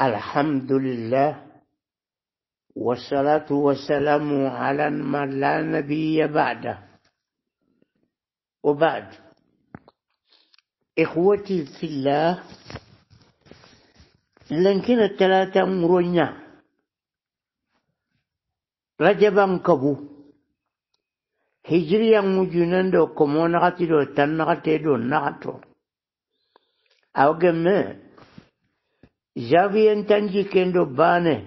الحمد لله والصلاة والسلام على من لا نبي بعده وبعد إخوتي في الله لنكن الثلاثة مرنة رجبا كبو هجريا مجنن دو كمون غتي دو تنغتي دو نغتو أو جمع ya bien tan yikendo bane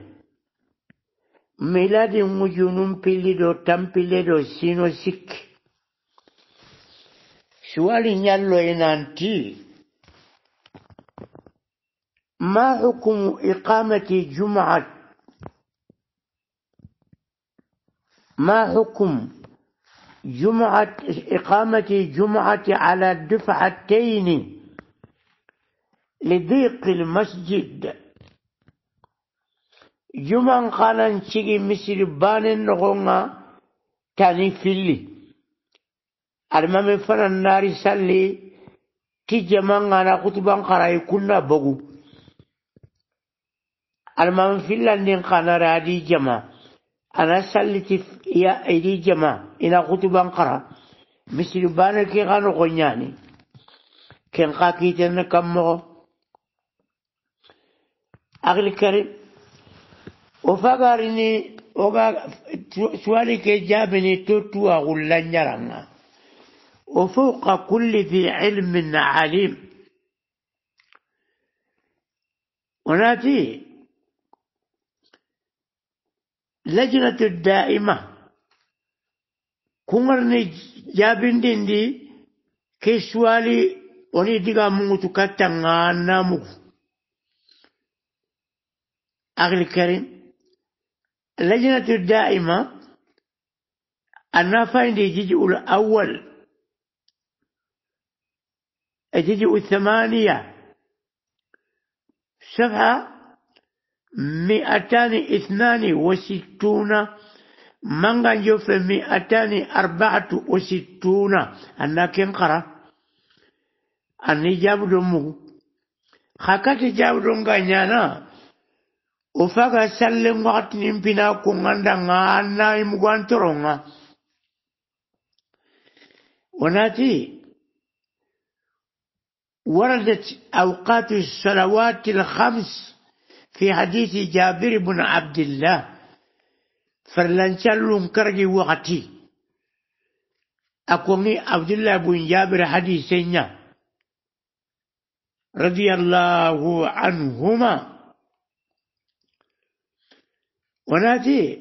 mila de mujunum pilido tan pilido sino sik suali nyallo enanti ما حكم إقامة جمعة ما حكم جمعة إقامة جمعة على الدفعتين لضيق المسجد جمان قالن شيء مثل بان نغونا تاني فيلي المهم فن النار سلي كي جمان أنا كتبان قراي كنا بغو المهم فيلا نين قانا رادي جما أنا سلتي يا إيدي جما إنا كتبان قرا مثل بان كي غانو غنياني كن قاكي قاكيتن مغو عقل كريم وفقرني وقا سؤالي كي جابني توتو أغلان يرانا وفوق كل ذي علم عليم وناتي لجنة الدائمة كمرني جابن دي كي سؤالي وني ديغا موتو غانا مكو أخي الكريم اللجنة الدائمة أنا عندي الجزء الأول الجزء الثمانية سبعة مئتان اثنان وستون من كان يوفي مئتان أربعة وستون أنا كن قرأ أني جاب دمه خاكت جاب دمه ufaga sallen wakatinin pina kungandanga anna imugwantoronga وناتي وردت أوقات الصلوات الخمس في حديث جابر بن عبد الله فرلنشلون كرجي وقتي أكوني عبد الله بن جابر حديثنا رضي الله عنهما وناديه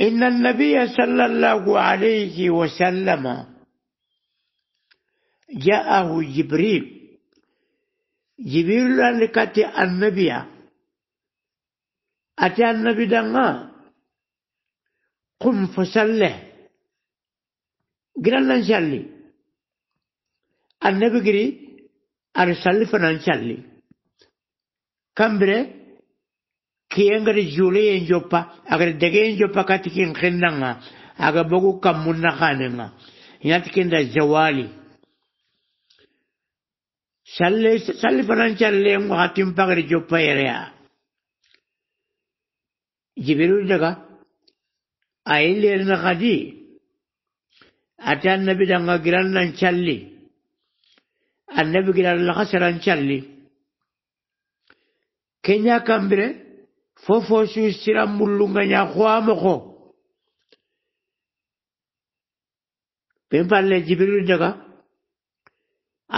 إن النبي صلى الله عليه وسلم جاءه جبريل جبريل لكت النبي أتى النبي دعا قم فصله قلنا نصلي النبي قري أرسل فنانشالي kambire kiyengere jule enjopa agare dege enjopa kati kin khinanga aga bogu kamunna khanenga yati kenda jawali salle salle faran challe ngo hatim pagare jopa yerea jibiru daga ayilirna khadi atan nabi danga giran nan challi annabi giran la khasaran challi kenya kambire fofo su sira mullunga nya khwamoko ɓen palle jibrilu jaga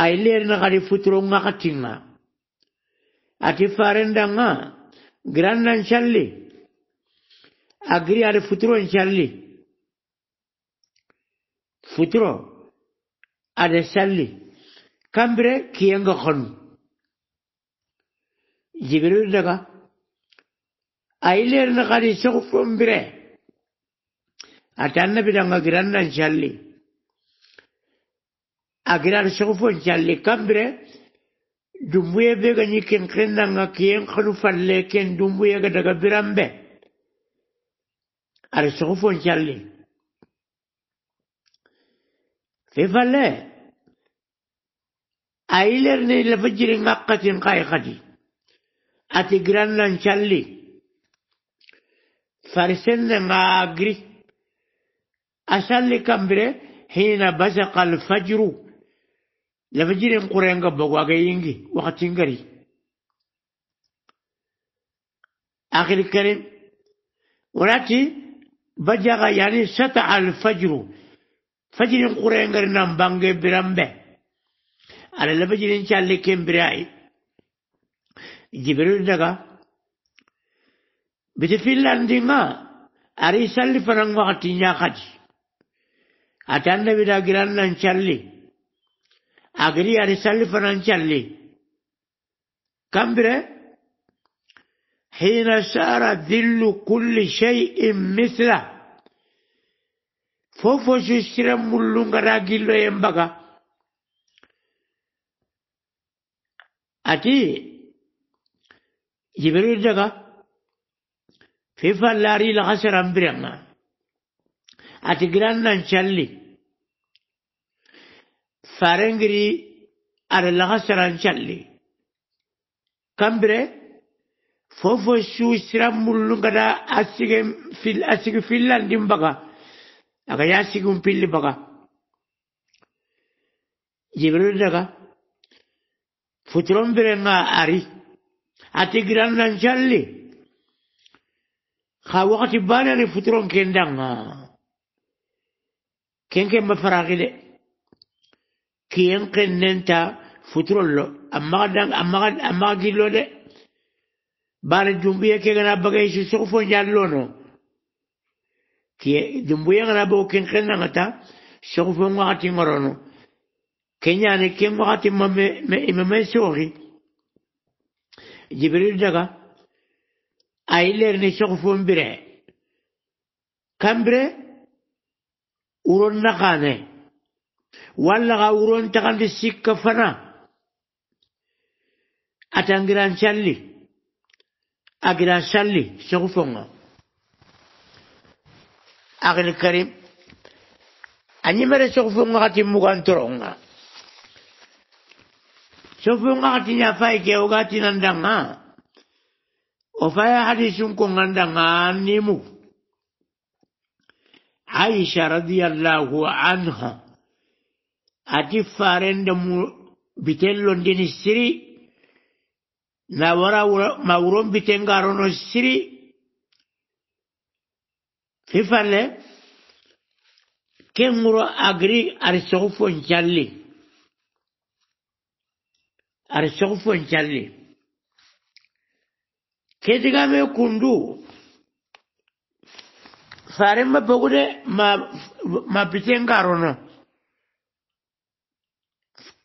ay leerina kadi futuro ŋakatinga ati farendanga granda calli agiri adi futuron calli futuro ada calli kambire kiyenga konu jigirinaga ailer na kari sokfum bire atanna bidanga giranna challi agiran sokfum challi kambire dumbuye bega ni ken krenanga kien khru falle ken dumbuye ga daga birambe ar sokfum challi fe falle ailer ne lafajiri ngaqqatin qayqati ati grannan calli farsenne ngaagri asalli kambire hina basaqa alfajru lafajirin qurenga bogwaga yingi wakatin akhir karim ولكن بجغا يعني سطع الفجر فجر قرين غير نام بانغ برامبه على لفجر ان شاء براي ജിബിലിൻ്റെക biti finlandinga ari salli fanan wakati nyakati atanda bida giran nan challi agri ari salli fanan challi kambire حين سار ذل كل شيء مثله فوفو شسر ملونغ راجلو يمبغا أتي جبريل دقا في فلاري لخسر أمبرنا أتقران نشالي فارنجري على لخسر نشالي كمبري فوفو شو سرام ملونغدا أسيغم في أسيغ فيلان ديم بقى أغا ياسيغم بيلي بقى جبريل دقا فترون برنا أري أتقرن نشلي خا وقت بانا لفترون كندان كين كين بفراغي دي كين كين ننتا فترون لو أما غدان أما غد أما غدلو دي بانا جنبية كين أنا بغيشي سوفون جالونو كي جنبية أنا بو كين كين نغتا سوفون وقت مروno كين يعني كين وقت ما ما ما سوري جبريل دغا ايلر نيشو فون بري كم بري ورون نقاني ولا ورون تغان دي سيك فنا اتانغران شالي اغران شالي شو فون اغن الكريم اني مره شو فون غاتي مغان ترونغا sofunga katinya fai ke ogati nandanga ofaya hadisun ko ngandanga nimu aisha radiyallahu anha ati farenda mu bitello ndini siri na wara mawron bitengarono siri fifalle kenguro agri arisogo fo ncalli arsogfo nchalli ketigame kundu faremma bogude ma ma bitengarono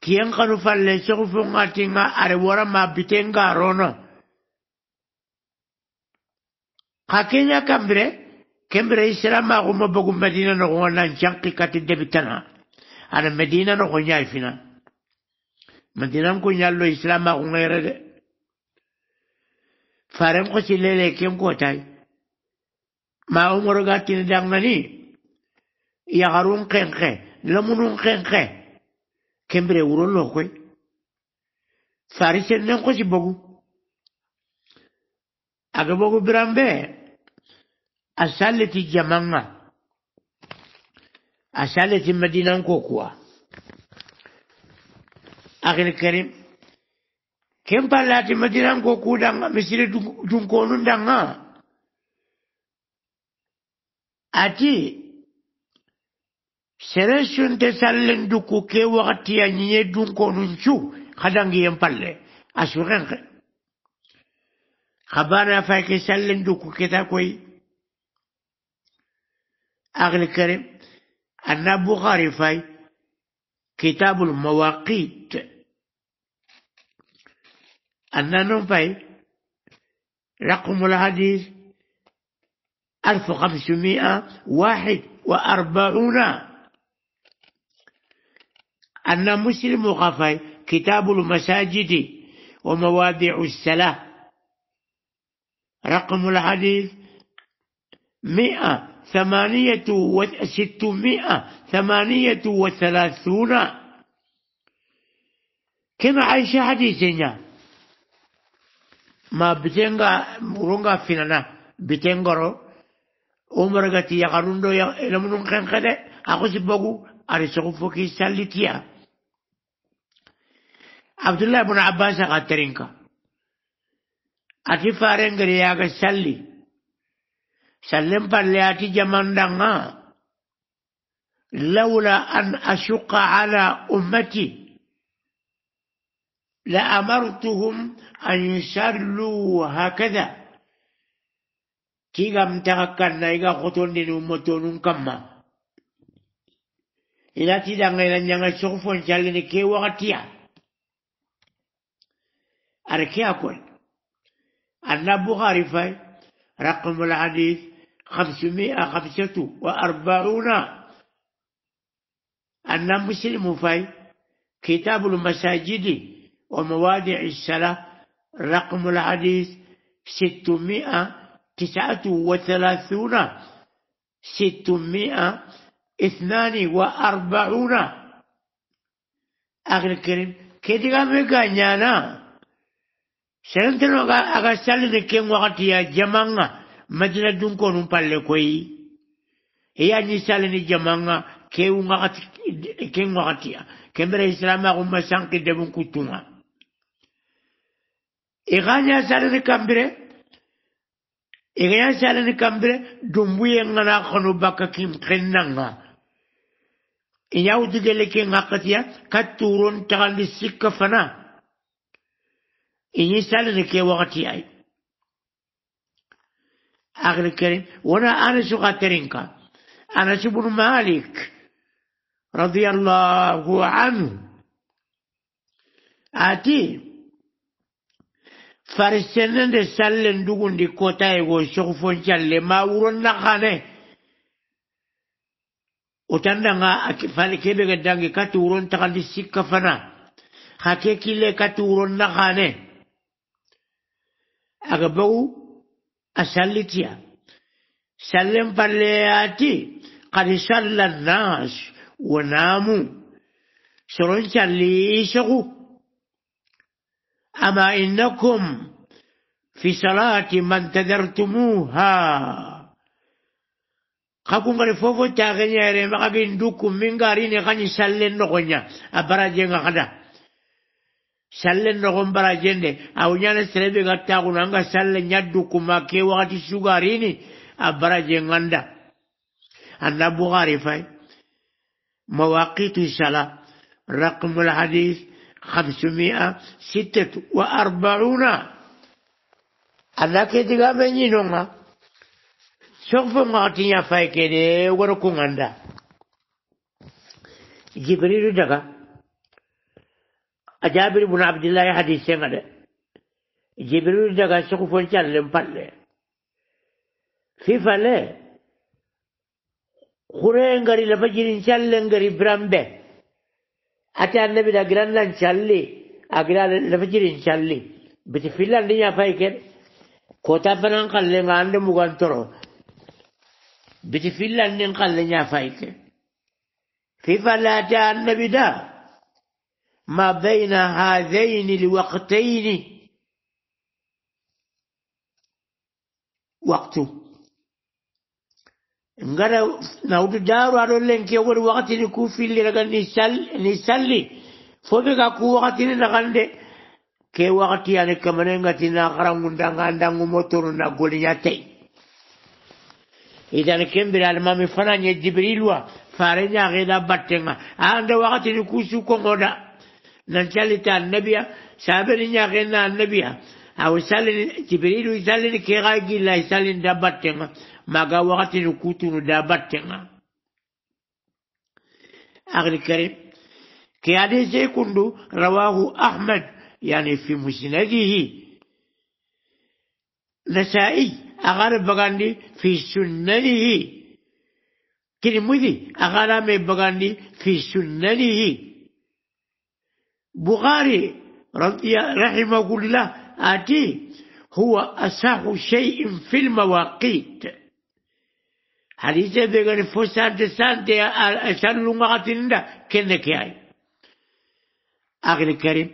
kiyen kanu falle sogfo ngatinga are wora ma bitengarono ka kenya kambire kembire islama gumma bogu medina nogo nan chanki kati debitana ana medina nogo nyaifina من دينام كون يالو إسلام ما كون غيره ده فارم كو سيلي لي كو تاي ما عمر غاتين دام ناني يا غارون كين كين لا مونون كين كين كيم بري ورون لو كوي ساري سين كو سي بوغو اغا بوغو برام بي اسالتي جامانا اسالتي مدينان كو كوا أخي الكريم كم بالات مدينة كوكو دانغا مسيرة دونكونون دانغا أتي سرسون تسالن دوكو كي وقتي أنيه دونكونون شو خدانجي ينبالي أسوغن خبانا فاكي سالن دوكو كتا كوي أخي الكريم أنا بخاري فاي كتاب المواقيت النانوبي رقم الحديث 1541 أن مسلم وقفي كتاب المساجد ومواضع الصلاة رقم الحديث مئة ثمانية وستمائة ثمانية وثلاثون كما عايشة حديثنا ma bitenga uronga finana bitengoro umaragati gati ya karundo ya elamunu kenkede akusi bogu ari sokufoki salitia Abdullah ibn abbas ka terinka ati ya ga salli سلم بالياتي جمندنا لولا أن أشق على أمتي لأمرتهم أن يصلوا هكذا كيغا متغكنا إيغا خطون دين أمتون كما إلا تدعنا نيانا شغفون شالين كي وغتيا أركي أقول أن بخاري فاي رقم الحديث خمسمائة خمسة وأربعون أن مسلم فاي كتاب المساجد وموادع الصلاة رقم الحديث ستمائة تسعة وثلاثون ستمائة اثنان وأربعون أخي الكريم كده ميكا نانا سنتنو أغا أغسل كم وقت يا جماعة مدينة دون نمبالي كوي هي أني سالي جماعة كم وقت كم وقت كم بري إسلام أغمى سانكي دبون كتوما iganya salini kambire iganya salini kambire dumbuye ngana khonu baka kim khennanga iyaw digele ke ngakatiya katuron tagandi sikka fana inyi salini ke wakati ay akhir karim wana ana shuqa terinka ana shubun malik رضي الله عنه آتيه farsennen de sallen dugundi kota ego sokfon challe ma wuron na khane otanda nga fale kebe ga dangi kati wuron takandi sikka fana hake kile kati wuron na khane aga bagu asallitiya sallen parleyati qad salla an-nas wa namu soron challi shagu أما إنكم في صلاة ما انتذرتموها خاكم غني فوفو تاغني ريما غابين دوكم من غاريني غني سلن نغنيا أبراجين غدا سلن نغن براجين دي أو نانا سلبي غتاغو نانغا سلن يدوكم ما كي وغتي سوغاريني أبراجين غندا أنا بغاري فاي مواقيت الصلاة رقم الحديث خمسمائة ستة وأربعون الله كده من ينوما سوف معطينا فايكده وركون عنده جبريل دقا أجابر بن عبد الله حديث سنة جبريل دقا سوف نشلم فله في فالي خورين غري شال شلن غري برامبه أتى النبي أجرنا نشلي أجرنا نفجر نشلي بتفيلا نيا فايكن كوتا بنان قال لي ما عندي مغانترو بتفيلا نين قال لي نيا في فلا النبي دا ما بين هذين الوقتين وقته ngara naudu daru ado lenke wori wakati ni kufilli raga ni salli ni salli fobe ka ku wakati ni ragande ke wakati ane kamane ngati na karangu ndanga ndangu motoru na golinya tei idan kembira almami fana nye jibrilwa fare nyaage da battenga anda wakati ni kusu kongoda nancali ta annabiya sabeni nyaage na annabiya aw salin jibrilu salin ke ga gilla salin da battenga maga wakati ni kutunu da battenga akhli karim ke ade je kundu rawahu ahmad yani fi musnadihi نسائي أغار بغاندي في سننه ترمذي أغار مي بغاندي في سننه بغاري رحمه الله آتي هو أصح شيء في المواقيت Alicia de Garifosa de Sante San Lumagatinda Kennekiai. أخي الكريم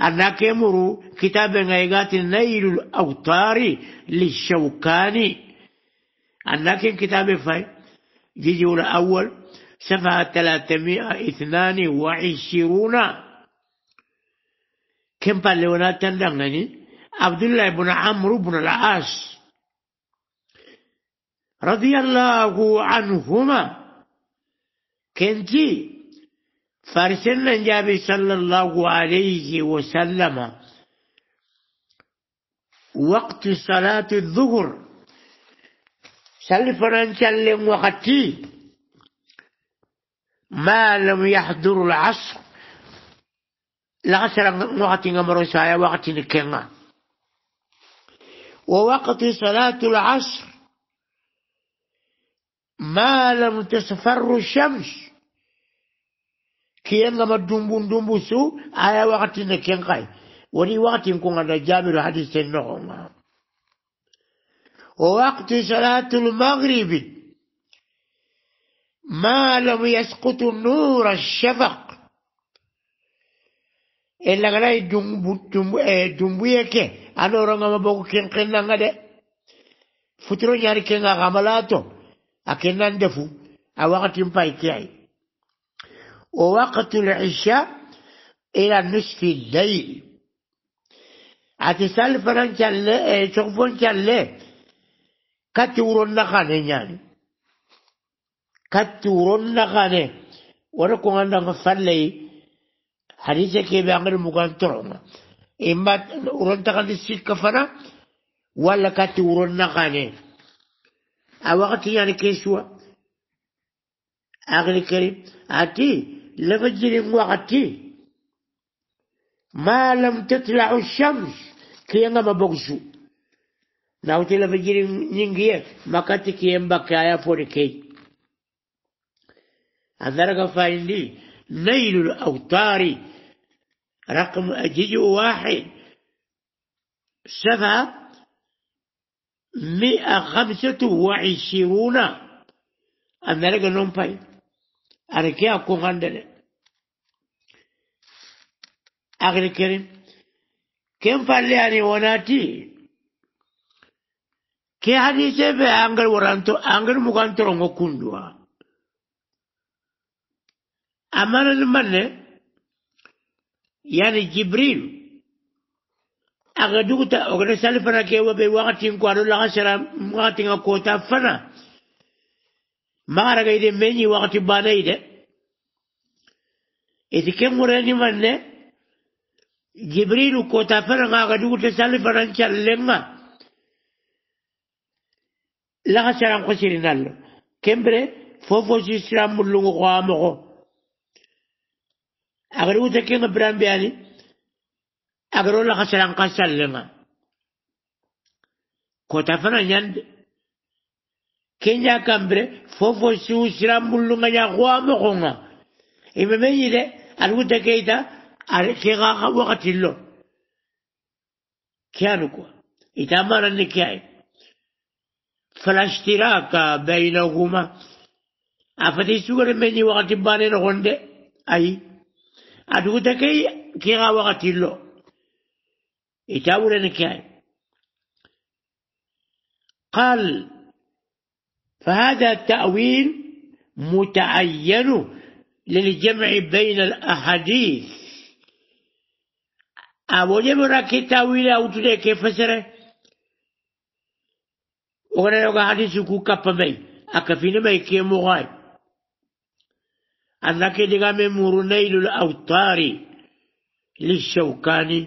أنا يمر كتاب غيغات نيل الأوتار للشوكاني أنك كتاب فاي جزء الأول صفحة 322 كم بالونات تندغني عبد الله بن عمرو بن العاص رضي الله عنهما كنتي فارسلنا النبي صلى الله عليه وسلم وقت صلاة الظهر سل فرنشل وقتي ما لم يحضر العصر العصر وقت نمر وقت نكنا ووقت صلاة العصر ما لم تسفر الشمس كي madumbu ndumbu su آية وقت ne kenkai ولي وقت nkunga da jamiru hadise ووقت صلاة المغرب ما لم يسقط نور الشفق إلا غلاي دمبو إيه، يكي أنا رغم بوكين قلنا غدا فترون يعني كينا غملاتو ندفو أوقات أوقت كاي ووقت العشاء إلى نصف الليل أتسال فرنشا لي إيه، شوفون شالي كاتورون نخاني يعني كاتورون نخاني ولكن أنا مفلي حديثة كي مكان ترونا إما كان السكة فنا ولا كاتورون نخاني أوقتي يعني كيسوا أغني كريم أتي لفجر وقتي ما لم تطلع الشمس كي ما بغشو ناوتي لفجر نينجيه ما كاتي كي يمبكايا فوركي أندرق فايندي نيل الأوتار رقم أجيج واحد سفا مئة خمسة وعشرون أمريكا نوم باي أركي أكون غندل أغنى كريم كم فالياني وناتي كي حديثة بي أنجل ورانتو أنجل مغانتو رنغو كندوا أمانا نمان يعني جبريل aga duguta ogana sali fana ke wabe wakatin kwano laga sara wakatin ga kota fana magara ga ide menyi wakati bana ide iti ke mureni manne jibrilu kota fana ga aga duguta sali fana challenga laga sara kusiri nallo kembre fofo si siram mulungu kwa amoko aga duguta kenga brambiani أقول لك سلام قسلمة كتفنا يند كينيا كامبري فوفو سيو سلام بلو يا غوام غونا إما ميلة ألو تكيدا كيغا وقت اللو كيانوكو إتامانا نكياي فلاشتراك بينهما أفتي سوغر مني وقت بانين غوندي أي أدو تكي كيغا وقت اللو يتاول نكاي قال فهذا التأويل متعين للجمع بين الأحاديث أولي كي تأويل أو تلك فسره وغنا يوغا حديث كو كفا مي أكفين مي كي مغاي أنك دقام مور نيل للشوكاني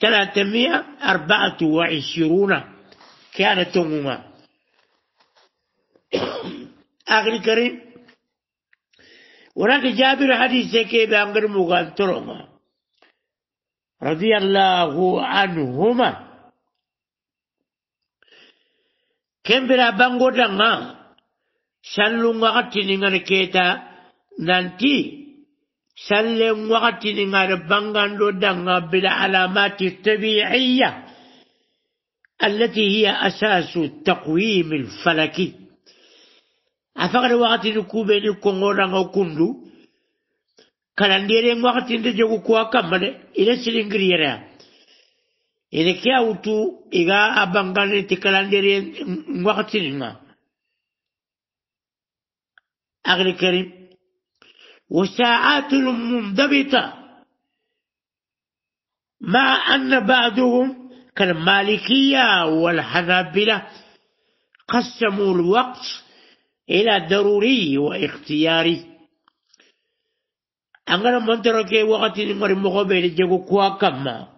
ثلاثمائة أربعة وعشرون كانت عموما آخر كريم ونحن جابر حديث كي بأمر مغانترهما رضي الله عنهما كم بلا بانغو دانا سلو غاتي كيتا نانتي سلم وقت نغار بانغان دو دنغا بالعلامات الطبيعية التي هي أساس التقويم الفلكي أفقر وقت نكوبة نكونغورا وكندو kalandiren wakati nde jogu kuwa kammane ina silingiriyera ina ke awutu iga abangane ti kalandiren wakati ninga agri karim وساعات منضبطة مع أن بعضهم كالمالكية والحنابلة قسموا الوقت إلى ضروري واختياري أنا ما تركي وقت نمر مقابل جو كوا كما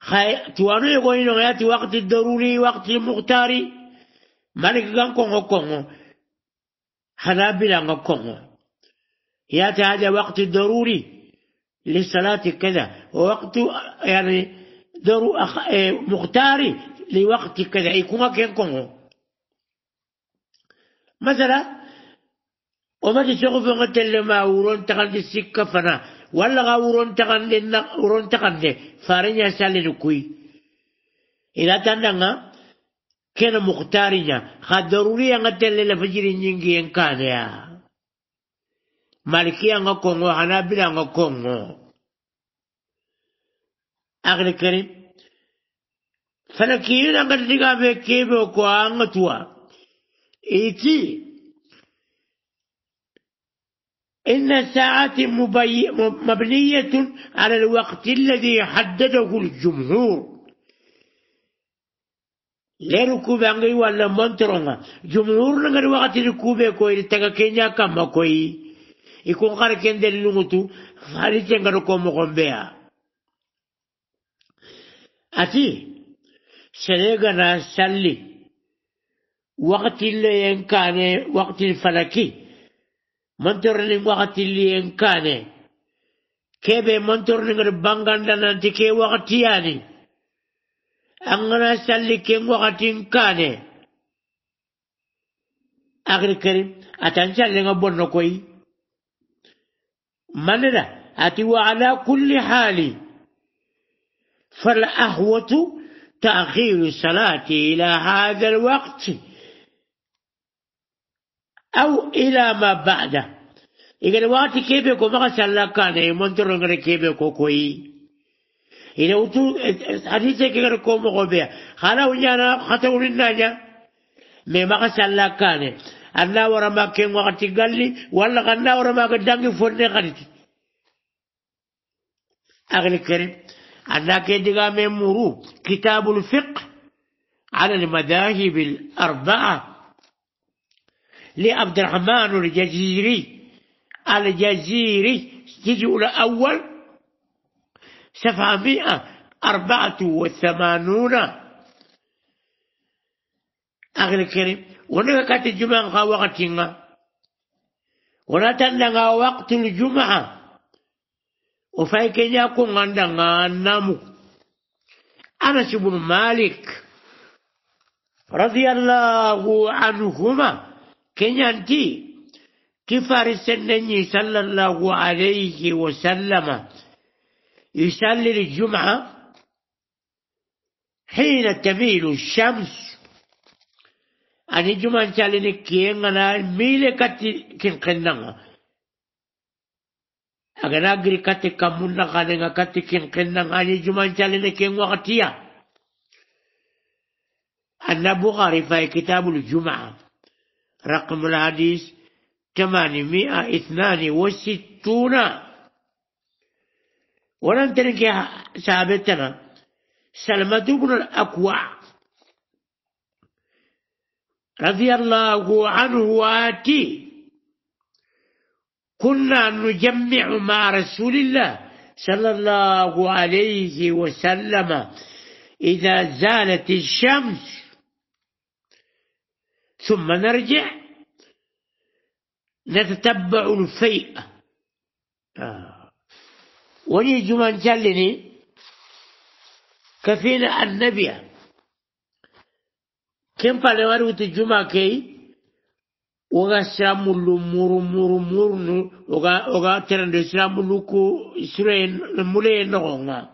خي توانو يقولي نعيات وقت ضروري وقت مختاري مالك كان كونغ كونغ حنابلة مكم ياتي هذا وقت ضروري للصلاة كذا ووقت يعني أخ... إيه، مختاري لوقت كذا يكون إيه، كنكم مثلا وما تشوف غت ما ورون تغند السكة فنا ولا غورون تغند ورون تغند فارن يسال لكوي إذا تندنا كان مختارنا خا ضروري أن تلل فجر نينجي إن كان يا مالكي أن كونغو حنابل أن كونغو أخي الكريم فلكيين أن تلقى كيف وكوا أن توا إيتي إن الساعات مبنية على الوقت الذي حدده الجمهور le rukube angai walla montoronga jumhur nangari wakati rukube koy ri taga kenya kamma koy ikun kar ken del lungutu fari tengar ko mo gombea ati serega na salli wakati le yenkane wakati falaki montorni wakati le yenkane kebe montorni ngar banganda nanti ke wakati yani أنغنا كيم وقتين كاني أخر كريم أتان سالي نبون نكوي من لا أتي وعلى كل حال فالأهوة تأخير الصلاة إلى هذا الوقت أو إلى ما بعده إذا الوقت كيف يكون ما صلى كان يمنترون كيف يكون كوي إلى وتو أنت كذا كوم غبيا خلا وجانا خطور النجا مما قصلا كان ورا ما كين وقت قال ولا ورا ما قدامي فرني قريت أغلى كريم أنا كده مرو كتاب الفقه على المذاهب الأربعة لعبد الرحمن الجزيري الجزيري تجي الأول سبعمائة أربعة وثمانون أغلى الكريم ونكت الجمعة وقتنا ونتنغى وقت الجمعة وفايك يكون عندنا النمو أنس بن مالك رضي الله عنهما كنyanti كفار النبي صلى الله عليه وسلم يصلي الجمعة حين تميل الشمس أني جمعة تاليني كين أنا ميلة كتي كين قننا أنا أجري كتي كمونا غنى كتي كين قننا أني جمعة تاليني كين وقتيا بخاري في كتاب الجمعة رقم الحديث ثمانمائة اثنان وستون ولن تلقى سابتنا سلمة بن الأكوع رضي الله عنه واتي كنا نجمع مع رسول الله صلى الله عليه وسلم إذا زالت الشمس ثم نرجع نتتبع الفيئة آه. وني جمان جلني كفينا النبي كم فلوار وت جمع كي وغا سلام مرو مرو مرو نو وغا وغا ترند سلام لوكو سرين مولين نغما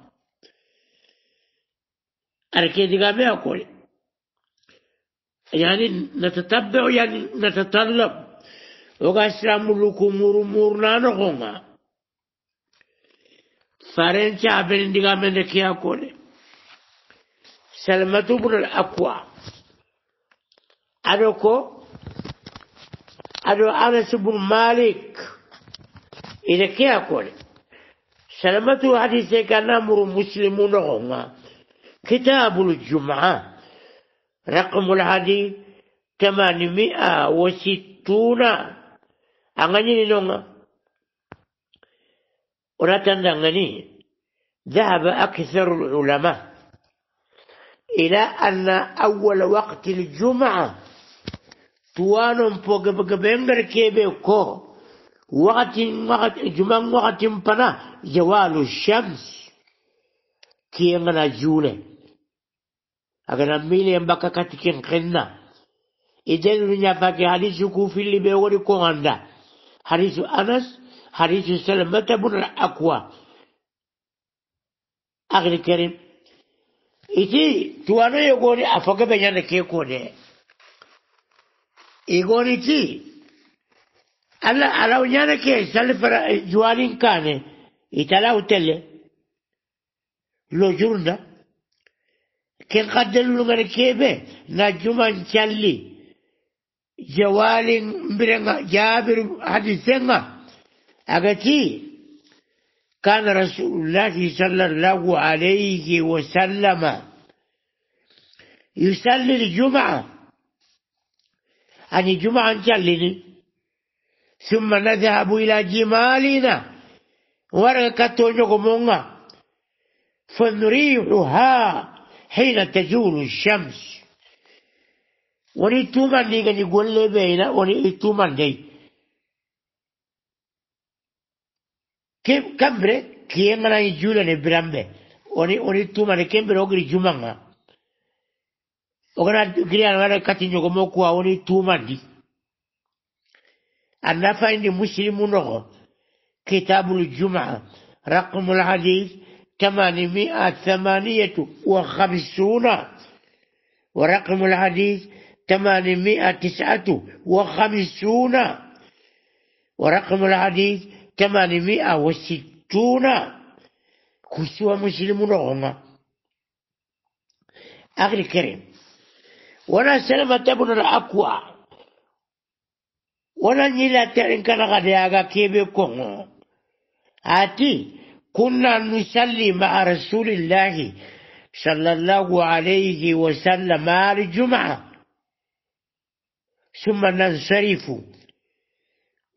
أركي دعامي أقول يعني نتتبع يعني نتطلب وغا سلام لوكو مرو مرو نانو فارنسا عبر من ركيا كوني سلمة بن الأقوى أدوكو أدو أنس بن مالك إذا كيا كوني سلمة حديثة كان أمر مسلمون هما كتاب الجمعة رقم الحديث ثمانمائة وستون أغني نونغا ونتنغنيه ذهب أكثر العلماء إلى أن أول وقت الجمعة توانم فوق بقبنجر كيبي كو وقت وقت جمعة وقت بنا زوال الشمس أنا جولة أغنى ميلي مبكا كاتكين خنا إذا نفاكي حديث كوفي اللي بيوري كو عندها حديث أنس حديث سلمة بن الأكوى أخي الكريم إتي توانا يقولي أفاق بيانا كيكوني يقولي تي ألا ألا ونيانا كي سلفر جوالين كاني إتلاو تلي لو جرنا كن قدر لغر كيبه نجمان تلي جوالين برنا جابر حديثنا أغتي كان رسول الله صلى الله عليه وسلم يصلي الجمعة أني جمعة نصلي ثم نذهب إلى جمالنا ورقة نغمونا فنريحها حين تزول الشمس وني تومان دي غني غولي بينا وني تومان kambre kiengana ijula ne brambe oni oni tuma ne kembre ogri jumanga ogana griana wala kati nyogo moku oni tuma di annafa indi muslimu nogo kitabul jumaa رقم الحديث ثمانمائة ثمانية وخمسون ورقم الحديث ثمانمائة تسعة وخمسون ورقم الحديث ثمانمائة وستون كسوة مسلمون لغمة أخي الكريم وانا سلمة ابن الأقوى وانا نيلا ترين كان غدياغا كيبي كونغو آتي كنا نصلي مع رسول الله صلى الله عليه وسلم على الجمعة ثم ننصرف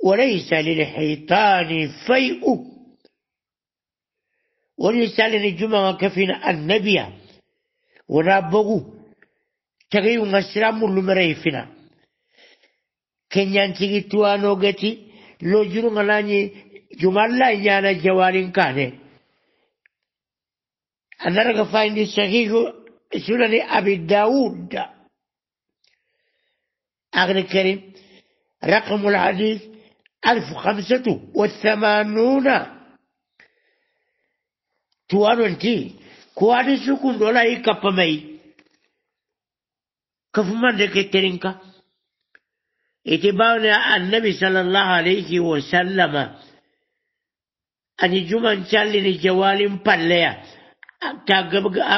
وليس للحيطان فيء وليس للجمعة كفين النبي ونابغو تغيو مسلم لمريفنا كنيان تيجي توانو غتي لو جرو ملاني الله يانا جوالين كاني أنا فاين دي صحيح سنن أبي داود أغنى كريم رقم الحديث ألف خمسة وثمانون انتي كواني سكون دولا إي كفو كفمان دكي ترينكا اتباعنا النبي صلى الله عليه وسلم أن جمعن شالين جوالين بالليا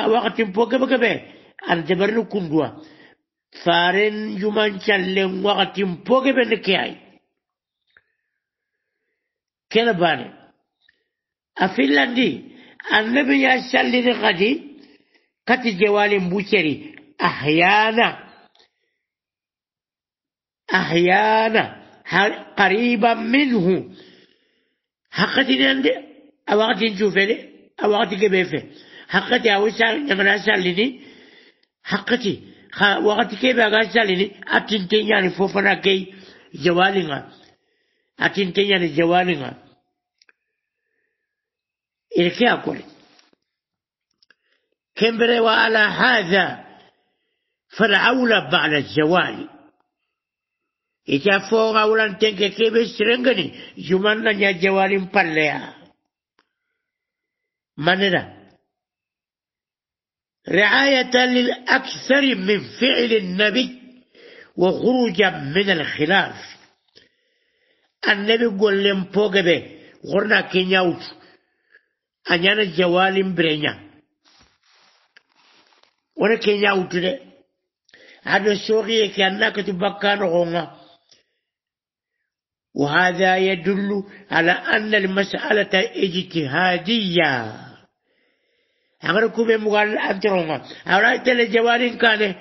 وقت فوق بكبه أن تبرنو كندوا فارن جمعن شالين وقت فوق بكبه كلباني أفنلندي النبي يسلل غدي قد جوال بوشري أحيانا أحيانا قريبا منه حقتي عندي أوقات نشوفه أوقات كبيفه حقتي أوسع نمنا سالني حقتي وقت كيف أقول سالني أتنتين يعني فوفنا كي جوالنا atin tiñani jewaniŋa ila ke a كم كمبري وعلى هذا فرعون بعد الزوال إذا فوق أولا تنك كيف سرنغني جمعنا يا جوال مبليا هذا رعاية للأكثر من فعل النبي وخروجا من الخلاف annabi gollen pogebe xorna ke ñawtu a أنا jawalin bireña wona ke ñawtu de hado soxiye ke anna katu bakkanoxonga وهذا يدل على أن المسألة اجتهادية أغرقوا بمغال أنا أولا تلجوارين كان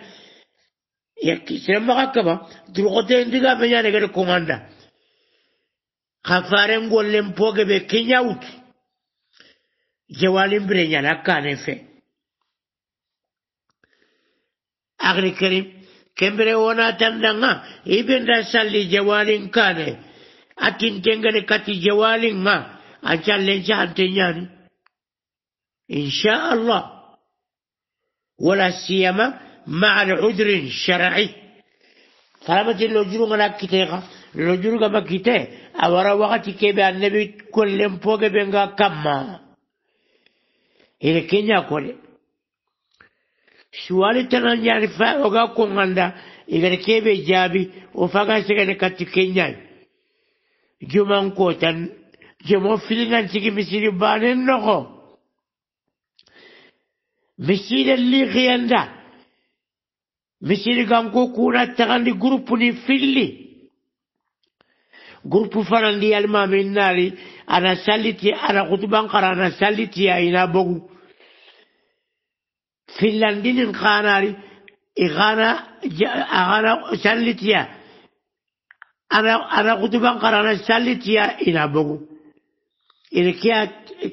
يكسر مغاكبا تلغتين دقا بنيانا غير كوماندا خفارم قولم بوجة بكينيا وط جوالم برينيا نكانة في أغني كريم كم بريونا تندعنا إبن رسالة جوالين كانة أكين تينغنا كاتي جوالين ما أجعل لنجا أنتينيان إن شاء الله ولا سيما مع العذر الشرعي فلما تلوجرون على كتيغا لوجرون على كتيغا awara wakati keɓe annabi kollen poge ɓe nga kamma ene keña kode suwali tana ñani fa oga konganda igata keɓe jaabi o faga segene katti keñayi jumankotan jomo filigan sigi misiri banen noxo misire li xiyanda misiri ganko kuna taxandi groupe ni filli جروب فلان دي الما من ناري انا سالتي انا قلت بنقر انا سالتي يا اينا بوغو فنلندين قاناري اغانا اغانا سالتي انا انا قلت بنقر انا سالتي يا اينا بوغو إن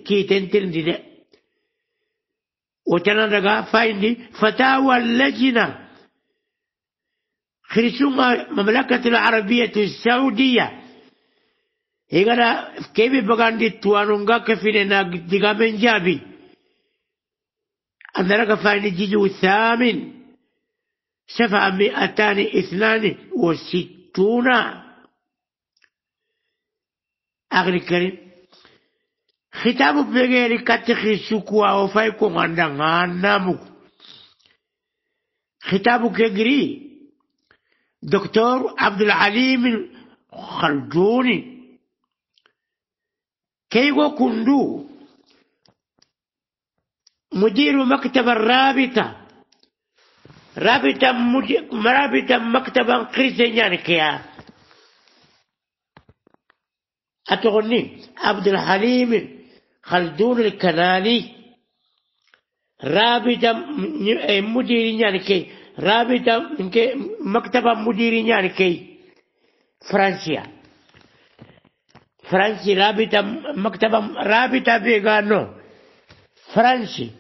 كي تنتين دي وكان رجع فايندي فتاوى اللجنة خرسوما مملكة العربية السعودية Egara kebe bagandi tuanunga kefine na digamen jabi. أن رقى فان الجزء الثامن سفع مئتان اثنان وستون أغني كريم خطاب بغير كاتخي سوكوا وفايكو غاندان غانامو خطاب كجري دكتور عبد العليم الخلجوني كيغو كندو مدير مكتب الرابطة رابطة رابطة مكتبا كريستيانيان يعني كيا أتغني عبد الحليم خلدون الكنالي رابطة مديرين يعني كي رابطة مكتبة مديرين يعني كي فرنسيا فرنسي رابطة مكتبة رابطة بيغانو فرنسي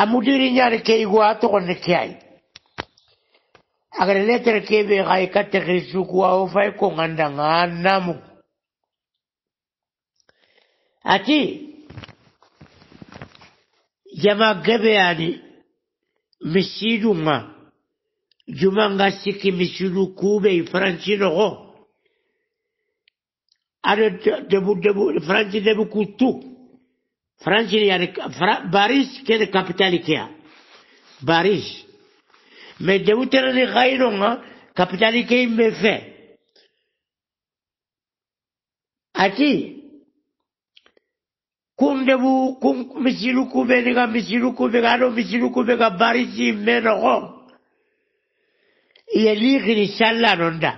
أمدير نيار كي يغواتو ونكياي أغر لتر كي بيغاي كتغيسو كواو فاي كونغاندانا نامو أتي جما قبياني مسيدو ما جمانغا سيكي مسيدو كوبي فرنسي نغو ada debu debu France debu kutu France yani Paris ke de capitale kia Paris mais debu tere de gaironga capitale ke me fe ati kun debu kun misilu kube ni ga misilu kube ga do misilu kube ga Paris me no go yeli gini salla nonda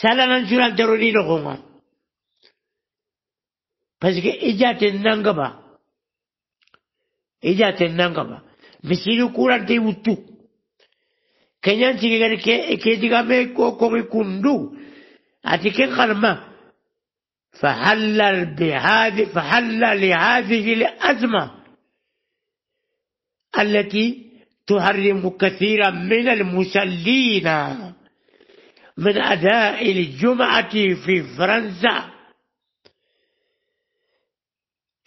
salla nan jural deroni no go parce que ijate nangaba ijate nangaba misiri kurante wutu kenyan chigari ke kedigame ko ko kundu atike karma فحل بهذه فحل لهذه الأزمة التي تحرم كثيرا من المصلين من أداء الجمعة في فرنسا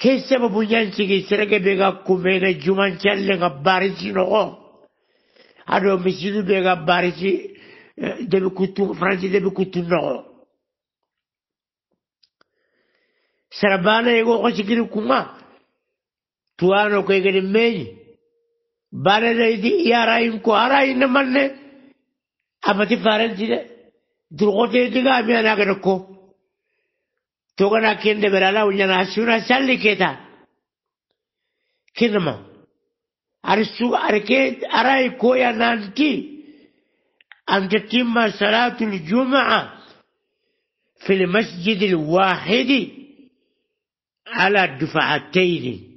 كيسا ببنيان سيكي سرقة بيغا كومينة جمان شلغة بارسي نغو أدو مسيدو بيغا بارسي دبي كتو فرانسي دبي كتو نغو سربانا يغو خسكيرو كوما توانو كيغن ميني بانا دايدي يا رايم كو أراي نماني أبتي فارنسي درغوتي ديغا ميانا كنكو توغنا كند برالا ونجنا سونا سالي كيتا كلمة أرسو أركيد أراي كويا نانتي أن تتم صلاة الجمعة في المسجد الواحد على دفعتين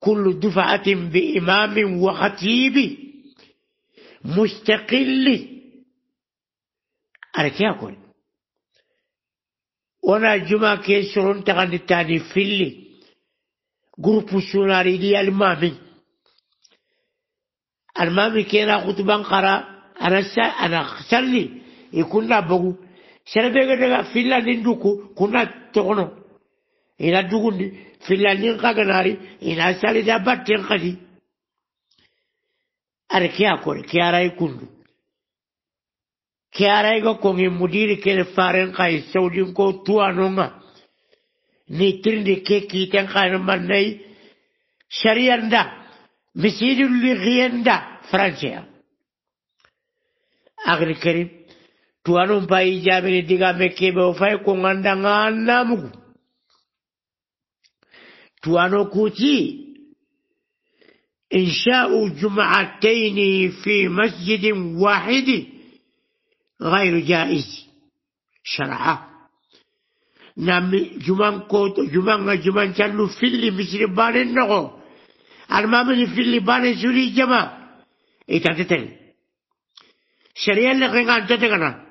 كل دفعة بإمام وخطيب مستقل أركيا أقول وانا جمع كيسرون تغني تاني فيلي جروب سوناري دي المامي المامي كينا خطبان قرا أنا سا أنا خسرلي يكون بغو سربيغ دغا فيلا ندوكو كنا تغنو إلى دوغندي فيلا ننقا غناري إلى سالي دابات تنقدي قدي أركيا كوري كيا راي كندو كاريغا كوني مدير كيل فارن قاي سودين كو توانوما نيترن دي كي كيتن قاي مناي شريان دا مسيد اللي غيان دا فرانسيا أغري كريم توانون باي جابني ديغا مكي بوفاي كونغان دا نامو توانو كوتي إنشاء جمعتين في مسجد واحد غير جائز شرعا نام جمان كوت جمان جمان جلو في اللي بسر بارن نغو المامن في اللي بارن سوري جما إتاتتن شريان لغنغان تتغنا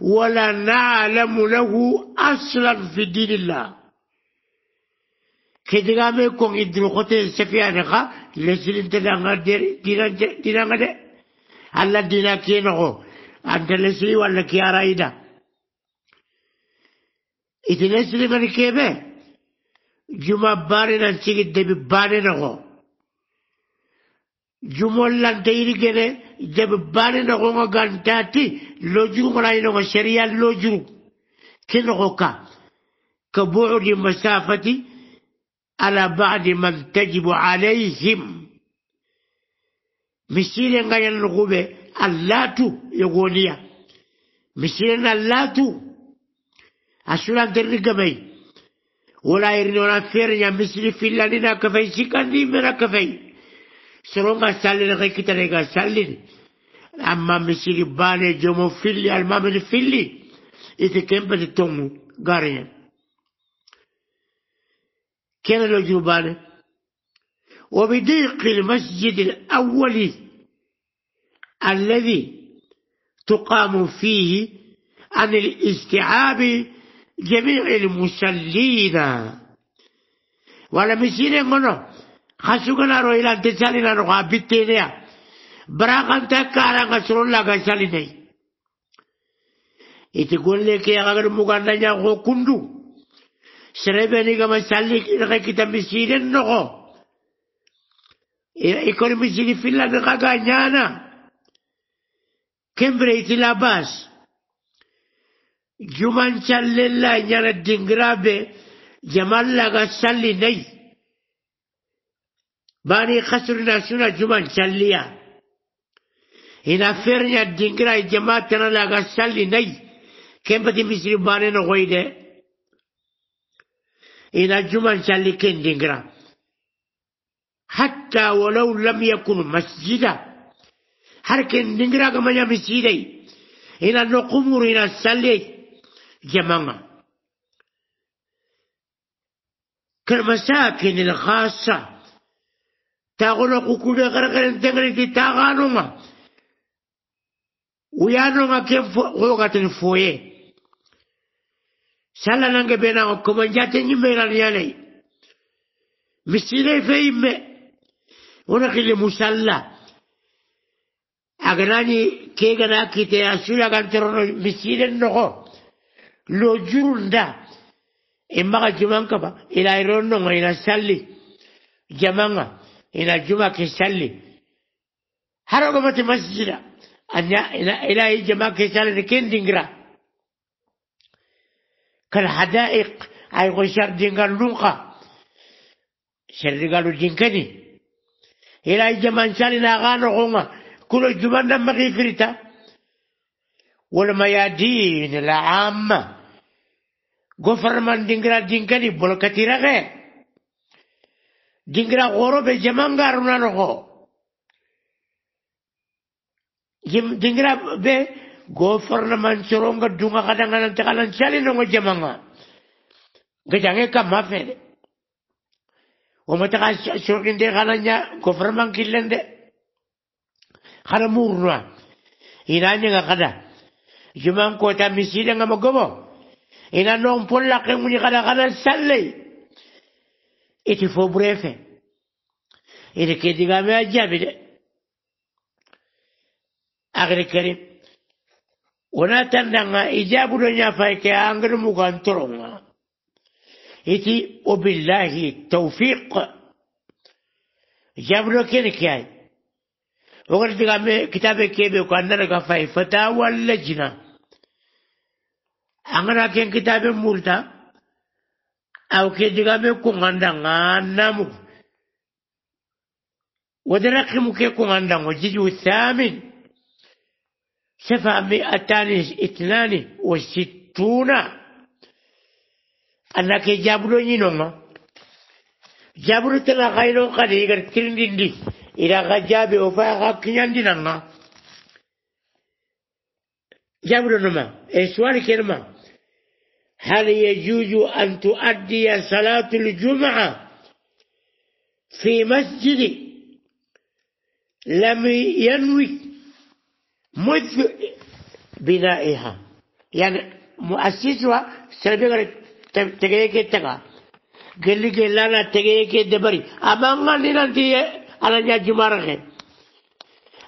ولا نعلم له أصلا في دين الله كدغامي كون يدرخوتي سفيانخا لسلنت دينا دينا دينا الله دينا كينغو اندلسي ولا كيارا إيدا كيارايدا اتنسل من كيبه جمع بارن انسيك دبي باري نغو جمع اللان تيري كده دبي بارن نغو غان تاتي لو لوجو مراي نغو شريا لوجو كنغو كا كبعد مسافتي على بعد ما تجب عليهم مسيرين غير الغبه اللات يقوليا مسيرين اللات أسولا درقمي ولا يرنونا فيرنيا مسيري فيلانينا كفاي سيكاني منا كفاي سرونغا سالين غيكي تنغا سالين أما مسيري باني جمو فيلي المامن فيلي إتكيم بتتومو غارين كان لو جوباني وبضيق المسجد الأول الذي تقام فيه عن الاستيعاب جميع المسلين ولا مسير من خشوكنا رويلا تسالينا رغابتينيا براغم تكارا غسر الله غساليني يتقول لك يا غير مغنانيا غو كندو سربني كما سالك إلغي كتا مسيرين نغو يكون إيه مسيري في الله نغا غانيانا كمري تلاباس جمان صلى الله عليه الدنغرابة جمال لغا صلي ني باني خسرنا سنة جمان صليا هنا فرنا الدنغرا جماعتنا لغا صلي ني كم بدي مصري باني نغويدة هنا جمان صلي كن دنغرا حتى ولو لم يكن مسجدا harkin dingira ga manya misidai ina no kumuru ina salle jama'a كالمساكن الخاصة تاغلو كل غرغر تغري دي تاغانوما ويانوما كيف غوغة فوي سالا نانجي بينا وكما جاتي نمينا نيالي مسيري في إمي ونقل مسلح أغراني كيغنا كيتي أسولا غانترون مسيرا نغو لو جرون دا إما جمان كبا إلا يرونو إلا سالي جمانا إلا جمع كسالي هرغو متي مسجدا أنا إلا إلا جمع كسالي نكين دينغرا كالحدائق أي غشار دينغان نوقا شرقالو دينكني إلا جمان سالي ناغانو غوما كل الزمان لما غيفرتا والميادين العامة غفر من دينغرا دينغري بول كتيرغه dinggra غورو بجمان غارونا نغو dinggra be بي gouvernement soronga dunga kadanga nan takalan chali no jamanga gajange kama fede o mata shorgin de kananya gouvernement kilende خر مورنا إنا نيغا خدا جمان كوتا مسيدا نغا مغبو إنا نوم فلا قيموني خدا خدا سالي إتي فو بريفة إتي كيدي غامي أجابي دي أغري كريم ونا تندنغا إجابو دنيا فايكي أنغر مغان ترونغا إتي وبالله التوفيق جابلو كينكياي وقال لك كتابة كيبي وكان رقفاي فتاوى اللجنة أنا كان كتابة مولتا أو كتابة كونغاندا نامو ودرقم كي كونغاندا وجيجو الثامن سبعمائتان اثنان وستون أنك جابلو نينوما جابلو تلا غايلو قد يقر ترندين دي إلى غجاب أوفا غاكيان ديننا جابر نما السؤال إيه كلمة هل يجوز أن تؤدي صلاة الجمعة في مسجد لم ينوي منذ بنائها يعني مؤسسها سلبيه تجيك تغا قال لي لا تجيك دبري أما الله لنا على جا جمارخه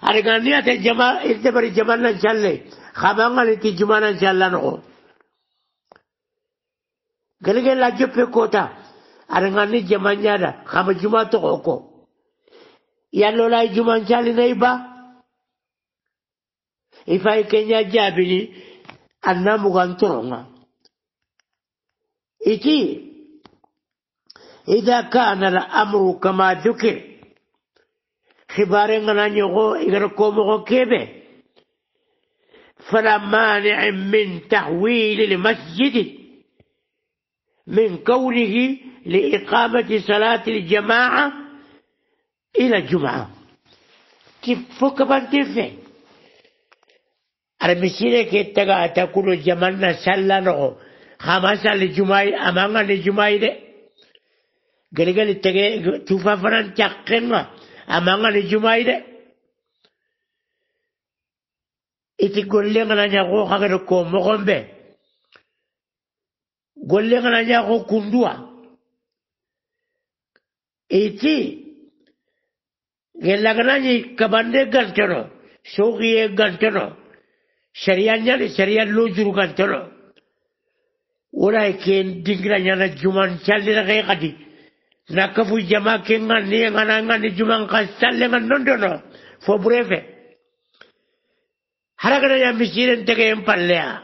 على غانيا تي جما إنت بري جمانا إن شاء الله خبانا لتي جمانا إن شاء الله نخو قلقل لا جب في كوتا على غاني جمانيا دا خبا جماعة تقوكو يالو لا جماعة إن شاء الله نيبا إفاي كنيا جابني أنا مغانترونا إتي إذا كان الأمر كما ذكر خبارين نانيغو إغركومغو كيبه فلا مانع من تحويل المسجد من كونه لإقامة صلاة الجماعة إلى الجمعة كيف فوق بانتفه المسيرة كي تقع تقول جمعنا نغو خمسة لجمعة أمانا لجمعة قال قال تقع توفى فران amanga ni jumaide iti golle ngana nyago kagere ko mogombe golle ngana nyago kundua iti gelagana ni kabande gantano shogiye gantano sharia nyani sharia lojuru gantano wala ken dingra nyana juman chalira kay kadi naka fu jama ke ngani ngana ngani juman kasalle ngan nondono fo brefe haragana ya misiren tege empallea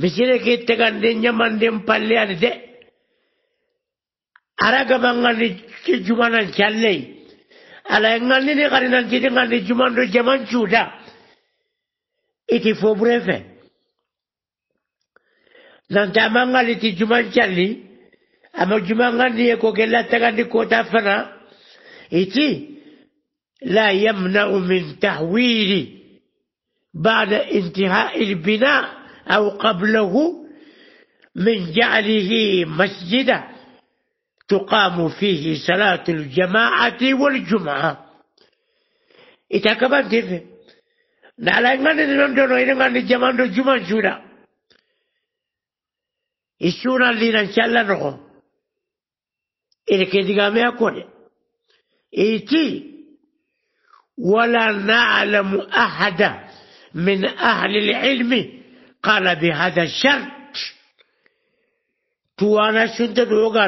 misire ke tegande nyamande empallea de araga bangani jumanan challe ala ngani ne karinan kiti ngani juman do jaman chuda iti fo brefe nanta mangali ti juman challi أما جمانغاني كوكيلا تغاني كوتا فنا إتي لا يمنع من تحويل بعد انتهاء البناء أو قبله من جعله مسجدا تقام فيه صلاة الجماعة والجمعة إذا كمان تفهم نالا إنغاني نندونو إنغاني جمان دو جمان سونا إسونا لنا إن شاء الله نغو الكدغامي إيتي ولا نعلم أحدا من أهل العلم قال بهذا الشرط توانا شنت تو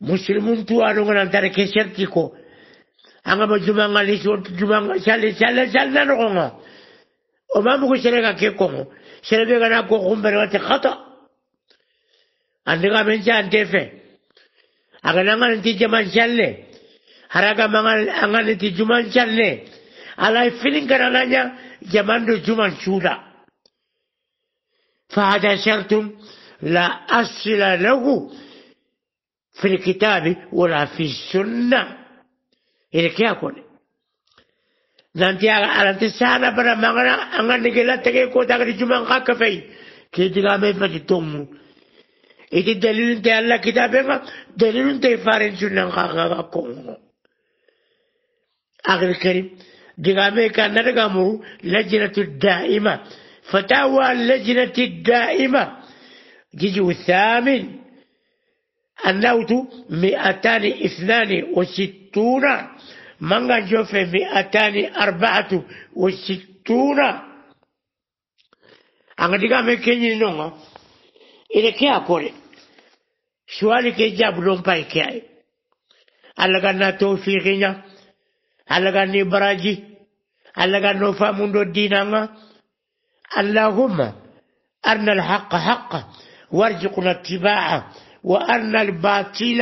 مسلمون توانا غنا ترك شرطكو أنا بجمع على شرط جمع شالي شالي شالي نرونا وما بقول شرعا كيكو شرعا بيجانا كوكم بروات خطأ عندك من جان تفه أغنى أغنى نتيجة من شلة هرقا أغنى نتيجة من شلة على فيلين كان أغنى جمان دو جمان شودا فهذا شرط لا أصل له في الكتاب ولا في السنة إلى كيكون nanti alanti sana bara mangana angan nigela tege ko dagri juman ka kafei ke diga me pati tomu إذا دليل أنت على كتابك دليل أنت فارن سنة خاكم آخر الكريم دقامي كان نرقمه لجنة الدائمة فتاوى اللجنة الدائمة جزء الثامن النوت مئتان اثنان وستون مانغا جوف مئتان أربعة وستون أنا دقامي كيني نوما إذا كي أقول شوالي كي جابلون بايكاي ألغانا توفيقنا غنى براجي ألغانو فاموندو دينانا اللهم أرنا الحق حقا وارزقنا اتباعه وأرنا الباطل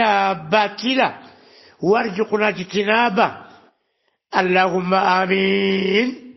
باطلا وارزقنا اجتنابه اللهم آمين